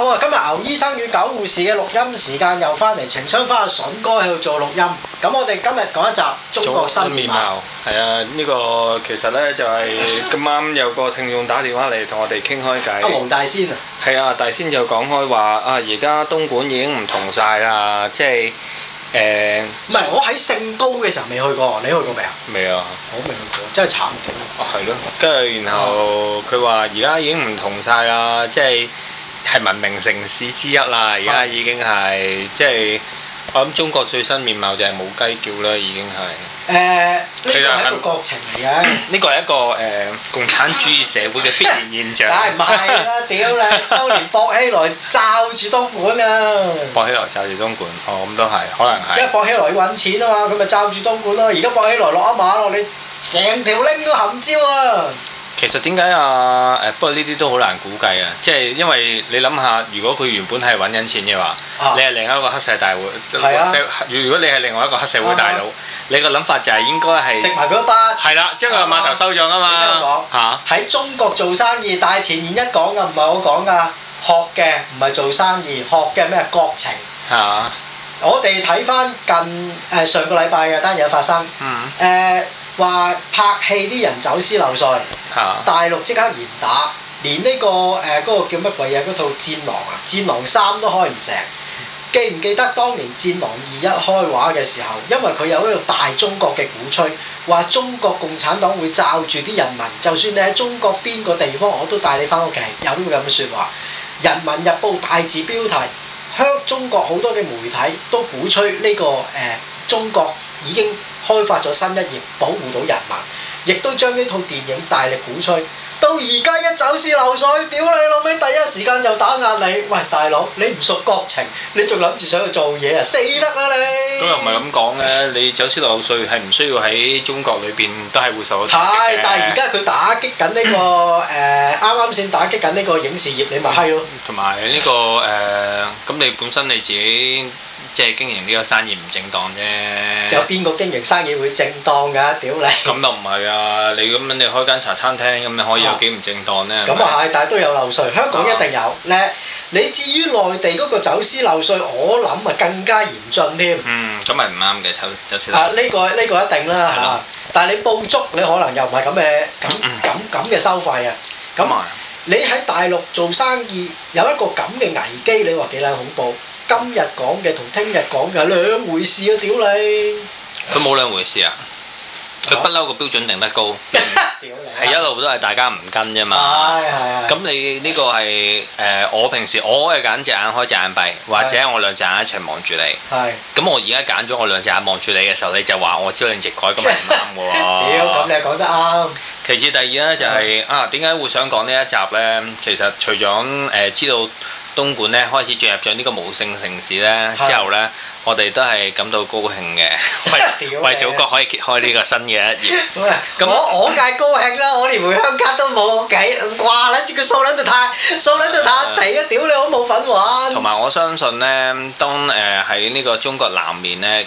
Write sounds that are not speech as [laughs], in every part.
好啊、哦！今日牛醫生與狗護士嘅錄音時間又翻嚟，情商翻阿筍哥喺度做錄音。咁我哋今日講一集中國新面貌。係啊，呢、這個其實咧就係、是、今晚有個聽眾打電話嚟同我哋傾開偈。阿黃、 [laughs] 啊、大仙啊？係啊，大仙就講開話啊，而家東莞已經唔同晒啦，即係誒。唔、欸、係，我喺聖都嘅時候未去過，你去過未啊？未啊，我未去過，真係慘。哦、啊，係咯，跟住然後佢話而家已經唔同晒啦，即係。係文明城市之一啦，而家已經係即係我諗中國最新面貌就係冇雞叫啦，已經係。誒、呃，呢個係一個國情嚟嘅。呢個係一個誒、呃、共產主義社會嘅必然現象。唔係 [laughs] 啦，屌你！ [laughs] 當年薄熙來罩住東莞啊！薄熙來罩住東莞，哦，咁都係，可能係。因為薄熙來要揾錢啊嘛，佢咪罩住東莞咯、啊？而家薄熙來落一馬落你成條拎都含招啊！其實點解啊？誒，不過呢啲都好難估計啊！即係因為你諗下，如果佢原本係揾緊錢嘅話，啊、你係另一個黑社大會，啊、如果你係另外一個黑社會大佬，啊、你個諗法就係應該係食埋佢一巴，係啦，將個碼頭收咗啊嘛！吓、啊，喺、啊、中國做生意，但係前言一講嘅唔係我講噶，學嘅唔係做生意，學嘅咩國情吓，啊、我哋睇翻近誒上個禮拜嘅單嘢發生，誒、嗯。呃話拍戲啲人走私漏稅，大陸即刻嚴打，連呢個誒嗰個叫乜鬼嘢嗰套戰狼啊，戰狼三都開唔成。記唔記得當年戰狼二一開畫嘅時候，因為佢有呢個大中國嘅鼓吹，話中國共產黨會罩住啲人民，就算你喺中國邊個地方，我都帶你翻屋企，有啲咁嘅説話。人民日報大字標題，香中國好多嘅媒體都鼓吹呢個誒中國已經。開發咗新一頁，保護到人民，亦都將呢套電影大力鼓吹。到而家一走私漏稅，屌你老味！第一時間就打壓你。喂，大佬，你唔熟國情，你仲諗住想去做嘢啊？死得啦你！咁又唔係咁講咧，你走私漏稅係唔需要喺中國裏邊都係會受到。到係，但係而家佢打擊緊呢個誒，啱啱先打擊緊呢個影視業，你咪係咯。同埋呢個誒，咁、呃、你本身你自己。即係經營呢個生意唔正當啫。有邊個經營生意會正當㗎？屌你！咁就唔係啊！你咁樣你開間茶餐廳咁，你可以有幾唔正當咧？咁啊係，但係都有漏稅。香港一定有咧。你至於內地嗰個走私漏稅，我諗啊更加嚴峻添。嗯，咁咪唔啱嘅，走走私。啊，呢個呢個一定啦嚇。但係你報足，你可能又唔係咁嘅咁咁咁嘅收費啊。咁啊！你喺大陸做生意，有一個咁嘅危機，你話幾撚恐怖？今日講嘅同聽日講嘅係兩回事啊！屌你，佢冇兩回事啊！佢不嬲個標準定得高，係一路都係大家唔跟啫嘛。係係啊！咁你呢個係誒？我平時我係揀隻眼開隻眼閉，或者我兩隻眼一齊望住你。係咁，我而家揀咗我兩隻眼望住你嘅時候，你就話我朝令夕改，咁唔啱嘅喎。屌，咁你講得啱。其次第二咧就係啊，點解會想講呢一集咧？其實除咗誒知道。東莞咧開始進入咗呢個無性城市咧之後咧，我哋都係感到高興嘅，為為祖國可以揭開呢個新嘅一頁。咁我我梗係高興啦，我連回鄉卡都冇幾，掛撚住個數撚到曬，數撚到曬地啊！屌你好冇份玩。同埋我相信咧，當誒喺呢個中國南面咧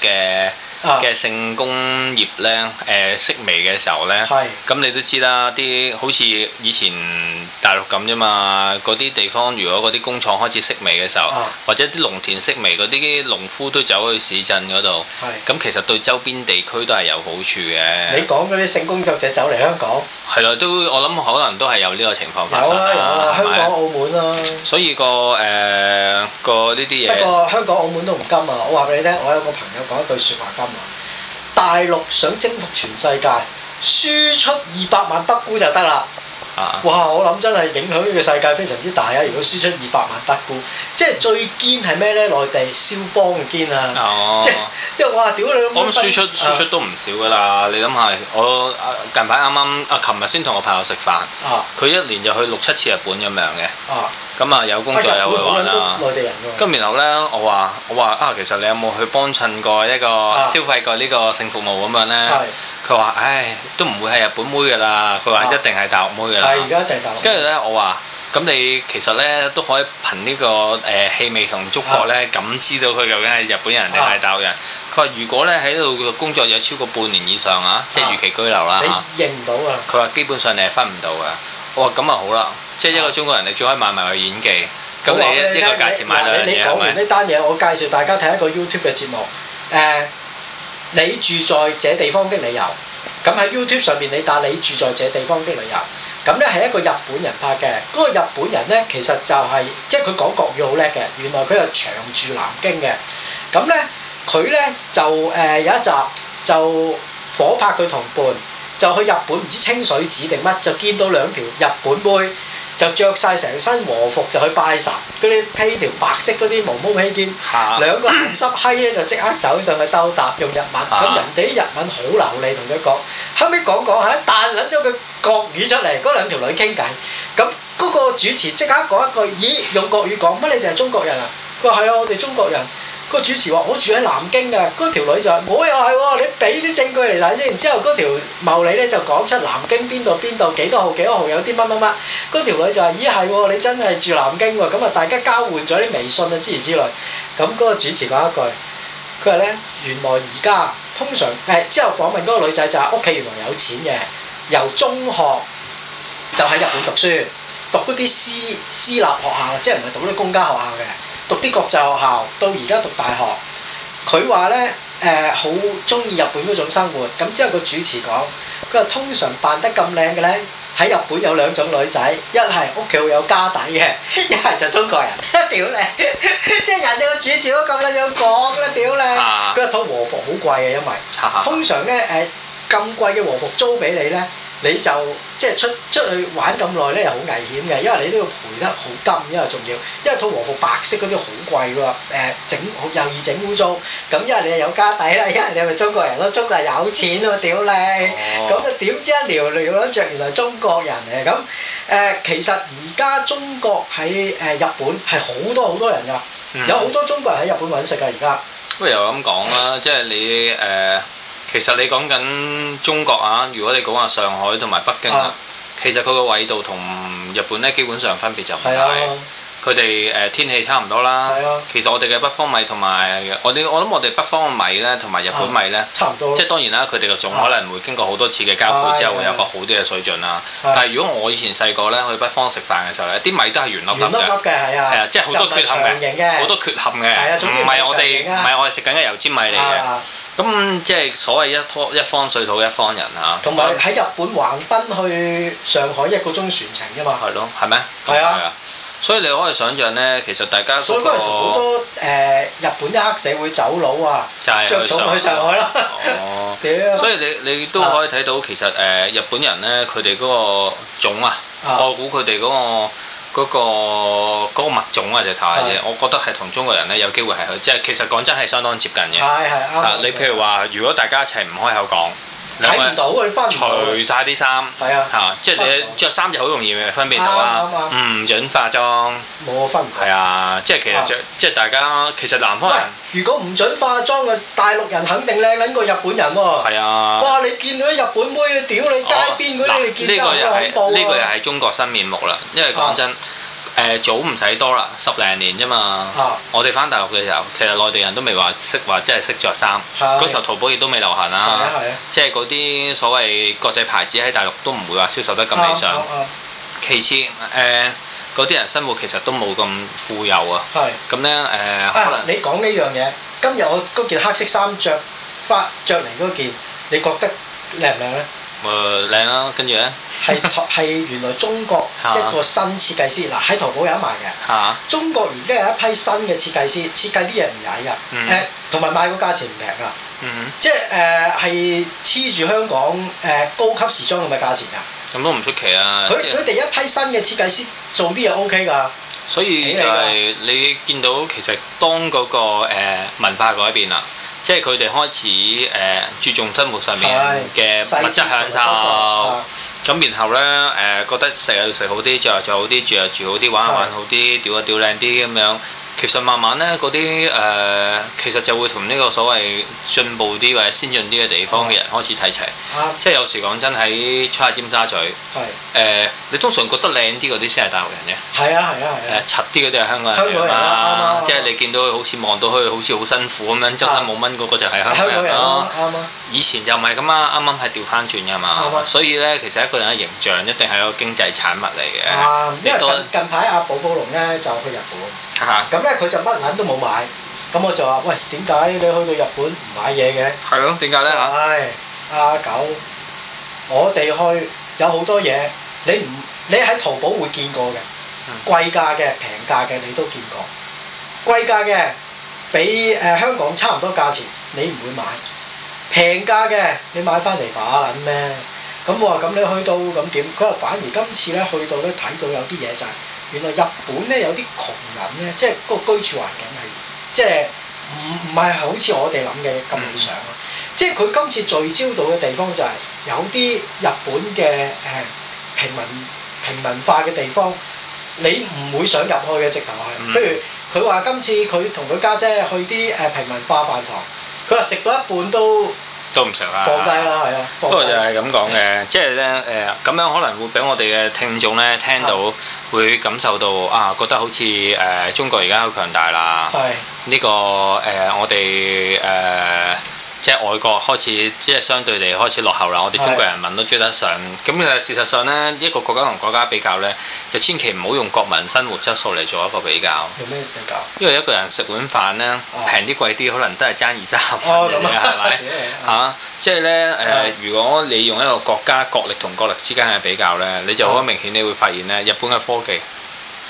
嘅嘅性工業咧誒式微嘅時候咧，咁你都知啦，啲好似以前。大陸咁啫嘛，嗰啲地方如果嗰啲工廠開始式微嘅時候，啊、或者啲農田式微，嗰啲農夫都走去市鎮嗰度。咁是的 其實對周邊地區都係有好處嘅。你講嗰啲性工作者走嚟香港？係咯，都我諗可能都係有呢個情況發生，啊啊、吧香港澳門啦、啊。所以個誒、呃、個呢啲嘢。不過香港澳門都唔甘啊！我話俾你聽，我有個朋友講一句説話甘啊：大陸想征服全世界，輸出二百萬北姑就得啦。哇！我諗真係影響呢個世界非常之大啊！如果輸出二百萬不顧，即係最堅係咩呢？內地肖邦嘅堅啊！即係即係，哇！屌你都輸出，輸出都唔少㗎啦！啊、你諗下，我啊近排啱啱啊，琴日先同我朋友食飯，佢一年就去六七次日本咁樣嘅。啊咁啊，有工作又去玩啊！咁然後咧，我話我話啊，其實你有冇去幫襯過一個消費過呢個性服務咁樣咧？佢話：唉，都唔會係日本妹噶啦，佢話一定係大陸妹噶啦。係而家係大陸。跟住咧，我話：咁你其實咧都可以憑呢個誒氣味同觸覺咧，感知到佢究竟係日本人定係大陸人？佢話：如果咧喺度工作有超過半年以上啊，即係逾期居留啦。你認唔到啊？佢話：基本上你係分唔到噶。我話：咁啊好啦。即係一個中國人，啊、你仲可以買埋佢演技。咁你呢一個價錢買到你講完呢單嘢，是是我介紹大家睇一個 YouTube 嘅節目。誒、呃，你住在這地方的理由。咁喺 YouTube 上面，你打你住在這地方的理由。咁咧係一個日本人拍嘅。嗰、那個日本人咧，其實就係、是、即係佢講國語好叻嘅。原來佢又長住南京嘅。咁咧，佢咧就誒、呃、有一集就火拍佢同伴，就去日本唔知清水寺定乜，就見到兩條日本妹、妹。就着晒成身和服就去拜神，嗰啲披條白色嗰啲毛毛披肩，兩 [laughs] 個濕閪咧就即刻走上去兜搭用日文，咁 [laughs] 人哋啲日文好流利，同佢講,講，後尾講講吓，彈甩咗句國語出嚟，嗰兩條女傾偈，咁嗰個主持即刻講一句，咦，用國語講乜？你哋係中國人啊？佢話係啊，我哋中國人。個主持話：我住喺南京嘅、啊，嗰條女就話：我又係喎，你俾啲證據嚟睇先。之後嗰條茂利咧就講出南京邊度邊度幾多號幾多號，多號有啲乜乜乜。嗰條女就話：咦係喎、啊，你真係住南京喎。咁啊，大家交換咗啲微信啊之類之類。咁嗰個主持講一句，佢話咧：原來而家通常誒、欸。之後訪問嗰個女仔就係屋企原來有錢嘅，由中學就喺日本讀書，讀嗰啲私私立學校，即係唔係讀嗰啲公家學校嘅。讀啲國際學校，到而家讀大學，佢話咧，誒好中意日本嗰種生活。咁之後個主持講，佢話通常扮得咁靚嘅咧，喺日本有兩種女仔，一係屋企會有家底嘅，一係就中國人。屌你！即係人哋個主持都咁樣講啦，屌你！佢話套和服好貴呀，因為、啊、通常咧，誒咁貴嘅和服租俾你咧。你就即係出出去玩咁耐咧，又好危險嘅，因為你都要賠得好金，因為仲要。因為套和服白色嗰啲好貴喎，誒、呃、整又易整污糟。咁因為你有家底啦，因為你係中國人，中國人有錢喎、啊，屌你！咁點、哦、知一聊聊諗着原來中國人嚟咁誒。其實而家中國喺誒日本係好多好多人㗎，嗯、有好多中國人喺日本揾食㗎而家。不過又咁講啦，呃、即係你誒。呃其實你講緊中國啊，如果你講下上海同埋北京啊，的其實佢個緯度同日本呢，基本上分別就唔大。佢哋誒天氣差唔多啦，其實我哋嘅北方米同埋我哋，我諗我哋北方嘅米咧，同埋日本米咧，差唔多。即係當然啦，佢哋就仲可能會經過好多次嘅交配之後，會有個好啲嘅水準啦。但係如果我以前細個咧去北方食飯嘅時候啲米都係圓粒粒嘅，係啊，即係好多缺陷嘅，好多缺陷嘅，唔係我哋唔係我哋食緊嘅油尖米嚟嘅。咁即係所謂一拖一方水土一方人啊。同埋喺日本橫濱去上海一個鐘船程㗎嘛。係咯，係咩？咁係啊。所以你可以想像咧，其實大家所以好多誒、呃、日本一黑社會走佬啊，將草去上海咯。屌、哦！ [laughs] 啊、所以你你都可以睇到其實誒、呃、日本人咧，佢哋嗰個種啊，啊我估佢哋嗰個嗰物、那個那個那個、種啊就太嘢。的我覺得係同中國人咧有機會係即係其實講真係相當接近嘅。係係啱。啊、對你譬如話，如果大家一齊唔開口講。睇唔到，佢分唔到。除晒啲衫，係啊，嚇，即係你着衫就好容易分辨到啊。唔准化妝，冇分唔。係啊，即係其實即係大家，其實南方人。喂，如果唔准化妝嘅大陸人肯定靚撚過日本人喎。係啊。哇，你見到日本妹屌你街邊嗰啲，你見到呢個又係呢個又係中國新面目啦，因為講真。呃、早唔使多啦，十零年啫嘛。啊、我哋翻大陸嘅時候，其實內地人都未話識話，即係識着衫。嗰、啊、時候淘寶亦都未流行啦。啊啊、即係嗰啲所謂國際牌子喺大陸都唔會話銷售得咁理想。啊啊、其次，嗰、呃、啲人生活其實都冇咁富有啊。係。咁咧誒，啊！可能你講呢樣嘢，今日我嗰件黑色衫着翻著嚟嗰件，你覺得靚唔靚呢？誒靚啦，跟住咧係係原來中國一個新設計師，嗱喺淘寶有賣嘅。中國而家有一批新嘅設計師，設計啲嘢唔曳噶，誒同埋賣個價錢唔平噶，即係誒係黐住香港誒高級時裝咁嘅價錢噶。咁都唔出奇啊！佢佢哋一批新嘅設計師做啲嘢 OK 噶，所以就係你見到其實當嗰個誒文化改變啦。即係佢哋開始誒、呃、注重生活上面嘅物質享受，咁、嗯、然後咧誒、呃、覺得食又要食好啲，着又着好啲，住又住好啲，玩又玩好啲，屌啊屌靚啲咁樣。其實慢慢咧，嗰啲誒其實就會同呢個所謂進步啲或者先進啲嘅地方嘅人開始睇齊，即係有時講真喺出下尖沙咀，誒你通常覺得靚啲嗰啲先係大陸人嘅，係啊係啊係啊，柒啲嗰啲係香港人啊，即係你見到佢好似望到佢好似好辛苦咁樣周身冇蚊嗰個就係香港人咯。以前就唔係咁啊，啱啱係調翻轉㗎嘛，所以咧其實一個人嘅形象一定係一個經濟產物嚟嘅。啊，因為近近排阿寶寶龍咧就去日本。嚇！咁咧佢就乜撚都冇買，咁我就話：喂，點解你去到日本唔買嘢嘅？係咯，點解咧？唉，阿九、哎啊，我哋去有好多嘢，你唔你喺淘寶會見過嘅，貴價嘅、平價嘅你都見過，貴價嘅比誒、呃、香港差唔多價錢，你唔會買；平價嘅你買翻嚟把撚咩？咁我話：咁你去到咁點？佢話反而今次咧去到都睇到有啲嘢就係、是。原來日本咧有啲窮人咧，即係個居住環境係，嗯，即係唔唔係好似我哋諗嘅咁理想咯。即係佢今次聚焦到嘅地方就係有啲日本嘅誒平民平民化嘅地方，你唔會想入去嘅直頭係。嗯，譬如佢話今次佢同佢家姐去啲誒平民化飯堂，佢話食到一半都。都唔成啦，放低啦，係啊，不過就係咁講嘅，即係呢，誒、呃，咁樣可能會俾我哋嘅聽眾呢聽到，的會感受到啊，覺得好似誒、呃、中國而家好強大啦，係呢的、呢個誒、呃、我哋誒。呃即係外國開始，即係相對地開始落後啦。我哋中國人民都追得上。咁其實事實上呢，一個國家同國家比較呢，就千祈唔好用國民生活質素嚟做一個比較。用咩比較？因為一個人食碗飯呢，平啲、啊、貴啲，可能都係爭二三合飯嘅，係咪？嚇！即係呢，誒、呃，是如果你用一個國家國力同國力之間嘅比較呢，你就好明顯，你會發現呢，日本嘅科技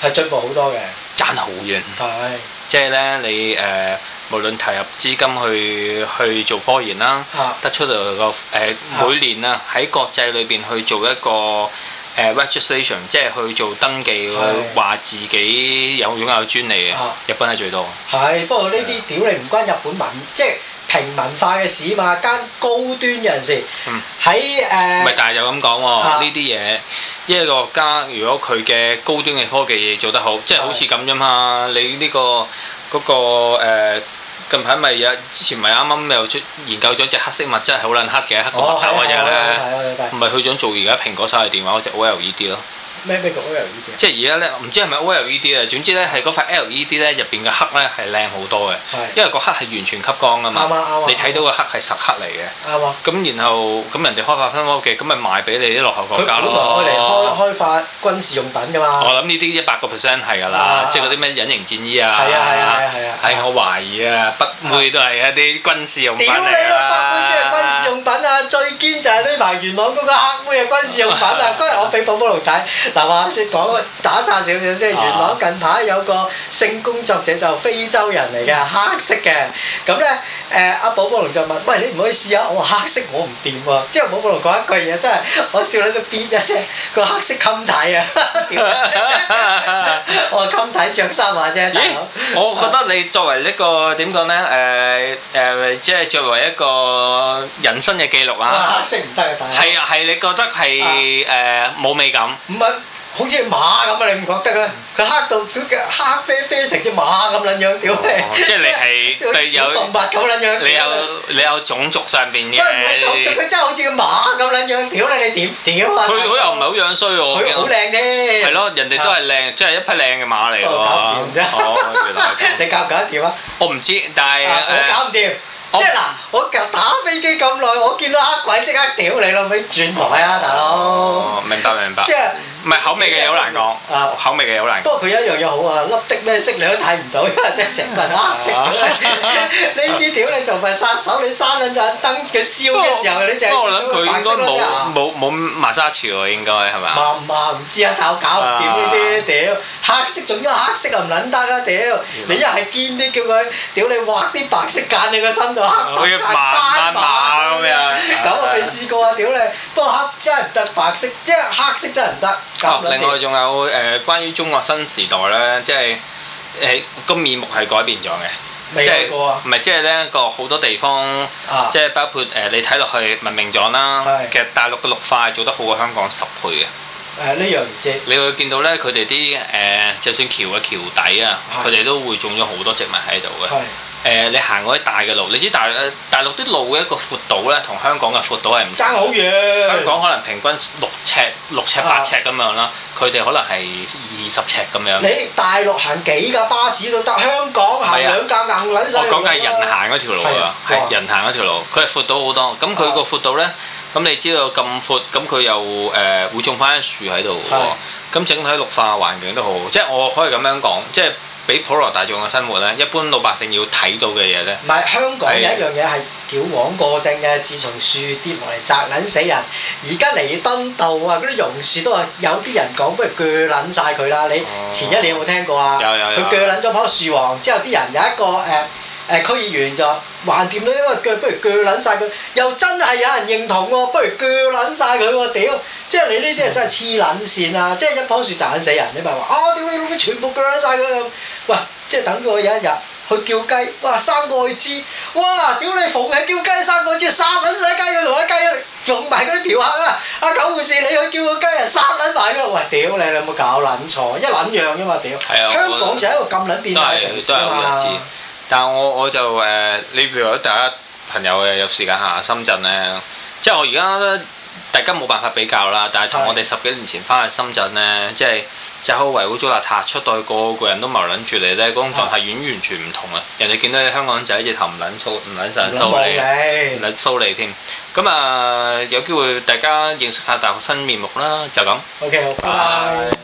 係進步好多嘅，爭好遠。係是。即係呢，你誒、呃。無論投入資金去去做科研啦，啊、得出嚟個誒每年啊喺國際裏邊去做一個誒、啊、registration，即係去做登記，話是自己有擁有，有專利嘅，日本係最多。係，不過呢啲屌你唔關日本文，是即係平民化嘅事嘛，關高端人士喺誒。咪、uh, 但係又咁講喎，呢啲嘢，一個國家如果佢嘅高端嘅科技做得好，即係好似咁咋嘛是，你呢、呢個嗰、嗰個、嗰個呃近排咪有，之前咪啱啱又出研究咗隻黑色物質，係好撚黑嘅，黑光豆嗰隻咧，唔係佢想做而家蘋果手提電話嗰隻 OLED 咯。咩咩叫 OLED？即係而家咧，唔知係咪 OLED 啊？總之咧，係嗰塊 LED 咧入邊嘅黑咧係靚好多嘅，是因為個黑係完全吸光啊嘛。啱啊，啱你睇到個黑係實黑嚟嘅。啱咁吧然後咁人哋開發新屋嘅，咁咪賣俾你啲落後國家咯。佢本來開嚟開開，開發軍事用品噶嘛。我諗呢啲一百個 percent 係㗎啦，啊、即係嗰啲咩隱形戰衣啊。係啊係啊係啊！係、啊啊啊啊哎、我懷疑啊，北妹都係一啲軍事用品嚟啦。屌你咯，北妹都係軍事用品啊！ [laughs] 最堅就係呢排元朗嗰個黑妹嘅軍事用品啊！今日 [laughs] 我俾寶寶龍睇。嗱話説講打岔少少先，元朗近排有個性工作者就非洲人嚟嘅，黑色嘅。咁咧，誒阿寶寶龍就問：餵你唔可以試下？我話，黑色我唔掂喎！即係寶寶龍講一句嘢真係，我笑喺度咇一聲。佢話黑色襟睇啊！我話襟睇著衫啊啫。咦？我覺得你作為一個點講咧？誒誒，即係作為一個人生嘅記錄啊！黑色唔得嘅，但係係係，你覺得係誒冇美感？唔係。好似馬咁啊！你唔覺得啊？佢黑到佢嘅黑啡啡，成隻馬咁撚樣，屌你！即係你係對有動物咁撚樣，你有你有種族上邊嘅。唔係種族，佢真係好似個馬咁撚樣，屌你！你點屌啊？佢佢又唔係好樣衰喎。佢好靚啫。係咯，人哋都係靚，即係一匹靚嘅馬嚟嘅喎。搞唔掂啫！你搞唔搞得掂啊？我唔知，但係我搞唔掂。即係嗱，我打飛機咁耐，我見到黑鬼即刻屌你咯，咪轉台啊，大佬！哦，明白明白。即係。唔係口味嘅嘢好難講啊，口味嘅嘢好難講。不過佢一樣嘢好啊，粒的咩色你都睇唔到，因為成份黑色。呢啲屌你仲唔係殺手？你閂緊盞燈佢燒嘅時候，你淨係白色，佢應該冇冇冇抹沙潮啊。應該係咪？抹，唔唔知啊，但搞唔掂呢啲屌，黑色仲要黑色又唔撚得啊，屌！你一係堅啲叫佢屌你畫啲白色揀你個身度，我要斑馬咁樣。咁我未試過啊，屌你！不過黑真係唔得，白色即係黑色真係唔得。另外仲有誒、呃，關於中國新時代咧，即係誒個面目係改變咗嘅，未過啊、即係唔係即係咧個好多地方，啊、即係包括誒、呃、你睇落去文明咗啦，是其實大陸嘅綠化做得好過香港十倍嘅。誒呢樣嘢，你會見到咧，佢哋啲誒，就算橋嘅橋底啊，佢哋、啊、都會種咗好多植物喺度嘅。誒、呃，你行嗰啲大嘅路，你知大、大陸大陸啲路嘅一個闊度咧，同香港嘅闊度係唔爭好遠。香港可能平均六尺六尺、八尺咁樣啦，佢哋的可能係二十尺咁樣。你大陸行幾架巴士都得，香港行、啊、兩架硬撚曬。我講緊係人行嗰條路啊，係人行嗰條路，佢係闊到好多。咁佢個闊度咧，咁的你知道咁闊，咁佢又誒、呃、會種翻一樹喺度嘅，咁整體綠化環境都好好，即係我可以咁樣講，即係。喺普羅大眾嘅生活咧，一般老百姓要睇到嘅嘢咧，唔係香港有一樣嘢係矯枉過正嘅。自從樹跌落嚟砸撚死人，而家彌敦道啊，嗰啲榕樹都話有啲人講不如鋸撚晒佢啦。你前一年有冇聽過啊、哦？有有有。佢鋸撚咗樖樹王之後，啲人有一個誒誒、呃、區議員就還掂到因為鋸不如鋸撚晒佢，又真係有人認同喎，不如鋸撚晒佢喎屌！即係你呢啲人真係黐撚線啊！嗯、即係一樖樹砸撚死人，你咪話我屌你老母全部鋸撚晒佢咁。啊。喂，即係等佢有一日去叫雞，哇生愛，哇生愛，生愛，生愛滋，哇屌你逢係叫雞生愛滋，三捻仔雞要同一雞，仲埋嗰啲嫖客啊！阿九回事，你去叫個雞啊，三捻埋㗎！喂，屌你你有冇搞捻錯？一捻樣啫嘛屌！的香港我就喺度咁捻變大城市嘛但係我我就誒，你、呃、譬如話第一，朋友誒有時間下深圳咧，即係我而家。大家冇辦法比較啦，但係同我哋十幾年前翻去深圳呢，的即係就好維護咗邋遢，出到去個個人都毛撚住你呢。嗰種狀態完完全唔同啊！的人哋見到你香港仔直頭唔撚粗，唔撚曬蘇你，唔撚蘇你添。咁啊，有機會大家認識下大學生面目啦，就咁。OK，好，拜拜。